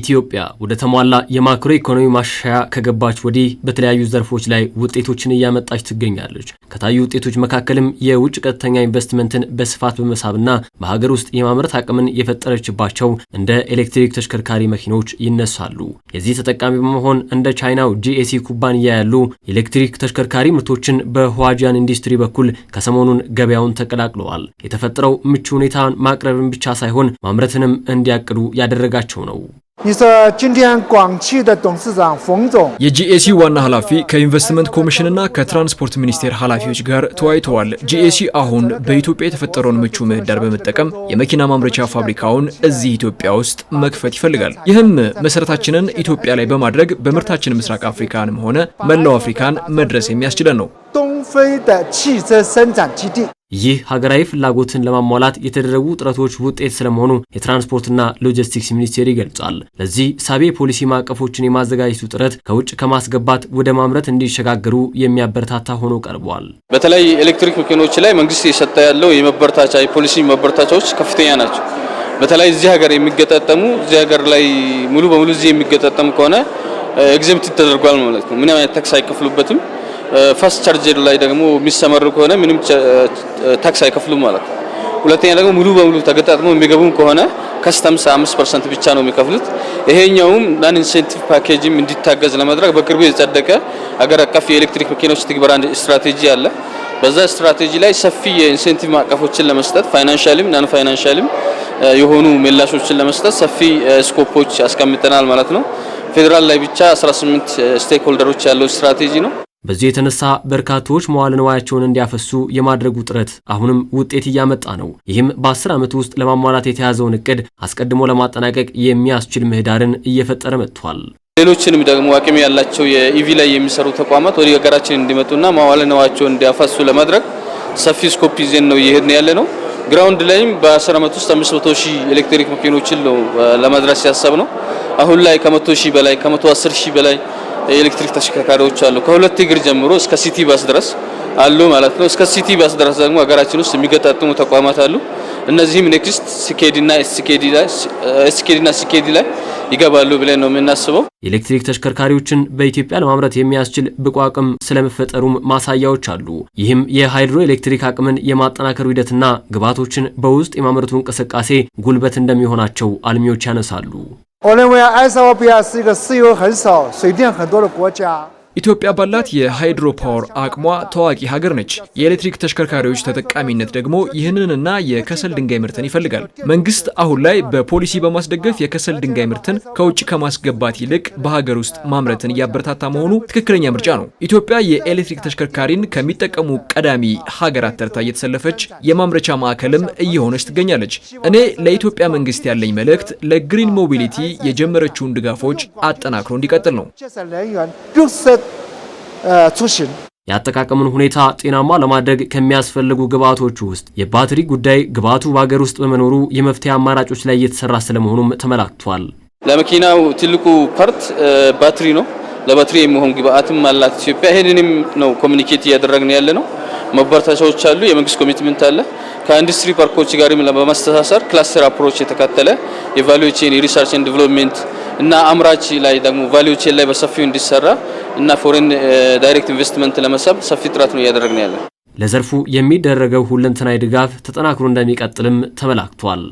ኢትዮጵያ ወደ ተሟላ የማክሮ ኢኮኖሚ ማሻሻያ ከገባች ወዲህ በተለያዩ ዘርፎች ላይ ውጤቶችን እያመጣች ትገኛለች። ከታዩ ውጤቶች መካከልም የውጭ ቀጥተኛ ኢንቨስትመንትን በስፋት በመሳብና በሀገር ውስጥ የማምረት አቅምን የፈጠረችባቸው እንደ ኤሌክትሪክ ተሽከርካሪ መኪኖች ይነሳሉ። የዚህ ተጠቃሚ በመሆን እንደ ቻይናው ጂኤሲ ኩባንያ ያሉ ኤሌክትሪክ ተሽከርካሪ ምርቶችን በህዋጃን ኢንዱስትሪ በኩል ከሰሞኑን ገበያውን ተቀላቅለዋል። የተፈጠረው ምቹ ሁኔታን ማቅረብን ብቻ ሳይሆን ማምረትንም እንዲያቅዱ ያደረጋቸው ነው። የጂኤሲ ዋና ኃላፊ ከኢንቨስትመንት ኮሚሽንና ከትራንስፖርት ሚኒስቴር ኃላፊዎች ጋር ተወያይተዋል። ጂኤሲ አሁን በኢትዮጵያ የተፈጠረውን ምቹ ምህዳር በመጠቀም የመኪና ማምረቻ ፋብሪካውን እዚህ ኢትዮጵያ ውስጥ መክፈት ይፈልጋል። ይህም መሰረታችንን ኢትዮጵያ ላይ በማድረግ በምርታችን ምስራቅ አፍሪካንም ሆነ መላው አፍሪካን መድረስ የሚያስችለን ነው። ይህ ሀገራዊ ፍላጎትን ለማሟላት የተደረጉ ጥረቶች ውጤት ስለመሆኑ የትራንስፖርትና ሎጂስቲክስ ሚኒስቴር ይገልጻል። ለዚህ ሳቢ የፖሊሲ ማዕቀፎችን የማዘጋጀቱ ጥረት ከውጭ ከማስገባት ወደ ማምረት እንዲሸጋገሩ የሚያበረታታ ሆኖ ቀርቧል። በተለይ ኤሌክትሪክ መኪኖች ላይ መንግስት የሰጠ ያለው የመበረታቻ የፖሊሲ መበረታቻዎች ከፍተኛ ናቸው። በተለይ እዚህ ሀገር የሚገጣጠሙ እዚህ ሀገር ላይ ሙሉ በሙሉ እዚህ የሚገጣጠሙ ከሆነ ኤግዘምት ተደርጓል ማለት ነው። ምንም አይነት ተክስ አይከፍሉበትም። ፈስት ቻርጀር ላይ ደግሞ የሚሰመሩ ከሆነ ምንም ታክስ አይከፍሉም ማለት ነው። ሁለተኛ ደግሞ ሙሉ በሙሉ ተገጣጥሞ የሚገቡም ከሆነ ከስተምስ 5% ብቻ ነው የሚከፍሉት። ይሄኛውም ናን ኢንሴንቲቭ ፓኬጅም እንዲታገዝ ለማድረግ በቅርቡ የጸደቀ አገር አቀፍ የኤሌክትሪክ መኪናዎች ትግበራ ስትራቴጂ አለ። በዛ ስትራቴጂ ላይ ሰፊ የኢንሴንቲቭ ማዕቀፎችን ለመስጠት ፋይናንሻሊም ናን ፋይናንሻሊም የሆኑ ምላሾችን ለመስጠት ሰፊ ስኮፖች አስቀምጠናል ማለት ነው። ፌዴራል ላይ ብቻ 18 ስቴክሆልደሮች ያለው ስትራቴጂ ነው። በዚህ የተነሳ በርካቶች መዋለ ንዋያቸውን እንዲያፈሱ የማድረጉ ጥረት አሁንም ውጤት እያመጣ ነው። ይህም በአስር ዓመት ውስጥ ለማሟላት የተያዘውን እቅድ አስቀድሞ ለማጠናቀቅ የሚያስችል ምህዳርን እየፈጠረ መጥቷል። ሌሎችንም ደግሞ አቅም ያላቸው የኢቪ ላይ የሚሰሩ ተቋማት ወደ ሀገራችን እንዲመጡና መዋለ ንዋያቸውን እንዲያፈሱ ለማድረግ ሰፊ ስኮፕ ይዘን ነው እየሄድን ያለ ነው። ግራውንድ ላይም በአስር ዓመት ውስጥ አምስት መቶ ሺህ ኤሌክትሪክ መኪኖችን ነው ለማድረስ ያሰብ ነው። አሁን ላይ ከመቶ ሺህ በላይ ከመቶ አስር ሺህ በላይ የኤሌክትሪክ ተሽከርካሪዎች አሉ። ከሁለት እግር ጀምሮ እስከ ሲቲ ባስ ድረስ አሉ ማለት ነው። እስከ ሲቲ ባስ ድረስ ደግሞ ሀገራችን ውስጥ የሚገጣጥሙ ተቋማት አሉ። እነዚህም ኔክስት ስኬዲና ስኬዲና ስኬዲ ላይ ይገባሉ ብለን ነው የምናስበው። የኤሌክትሪክ ተሽከርካሪዎችን በኢትዮጵያ ለማምረት የሚያስችል ብቁ አቅም ስለመፈጠሩም ማሳያዎች አሉ። ይህም የሃይድሮ ኤሌክትሪክ አቅምን የማጠናከሩ ሂደትና ግብዓቶችን በውስጥ የማምረቱ እንቅስቃሴ ጉልበት እንደሚሆናቸው አልሚዎች ያነሳሉ። 我认为埃塞俄比亚是一个石油很少、水电很多的国家。ኢትዮጵያ ባላት የሃይድሮ ፓወር አቅሟ ታዋቂ ሀገር ነች። የኤሌክትሪክ ተሽከርካሪዎች ተጠቃሚነት ደግሞ ይህንንና የከሰል ድንጋይ ምርትን ይፈልጋል። መንግስት አሁን ላይ በፖሊሲ በማስደገፍ የከሰል ድንጋይ ምርትን ከውጭ ከማስገባት ይልቅ በሀገር ውስጥ ማምረትን እያበረታታ መሆኑ ትክክለኛ ምርጫ ነው። ኢትዮጵያ የኤሌክትሪክ ተሽከርካሪን ከሚጠቀሙ ቀዳሚ ሀገራት ተርታ እየተሰለፈች የማምረቻ ማዕከልም እየሆነች ትገኛለች። እኔ ለኢትዮጵያ መንግስት ያለኝ መልእክት ለግሪን ሞቢሊቲ የጀመረችውን ድጋፎች አጠናክሮ እንዲቀጥል ነው። የአጠቃቀምን ሁኔታ ጤናማ ለማድረግ ከሚያስፈልጉ ግብዓቶች ውስጥ የባትሪ ጉዳይ ግብአቱ በሀገር ውስጥ በመኖሩ የመፍትሄ አማራጮች ላይ እየተሰራ ስለመሆኑም ተመላክቷል። ለመኪናው ትልቁ ፓርት ባትሪ ነው። ለባትሪ የሚሆን ግብአትም አላት ኢትዮጵያ። ይህንንም ነው ኮሚኒኬት እያደረግን ያለ ነው። መበረታቻዎች አሉ። የመንግስት ኮሚትመንት አለ። ከኢንዱስትሪ ፓርኮች ጋርም በማስተሳሰር ክላስተር አፕሮች የተካተለ የቫሊዩ ቼን የሪሰርች ኤንድ እና አምራች ላይ ደግሞ ቫሊዩ ቼን ላይ በሰፊው እንዲሰራ እና ፎሬን ዳይሬክት ኢንቨስትመንት ለመሳብ ሰፊ ጥረት ነው እያደረግን ያለን። ለዘርፉ የሚደረገው ሁለንተናዊ ድጋፍ ተጠናክሮ እንደሚቀጥልም ተመላክቷል።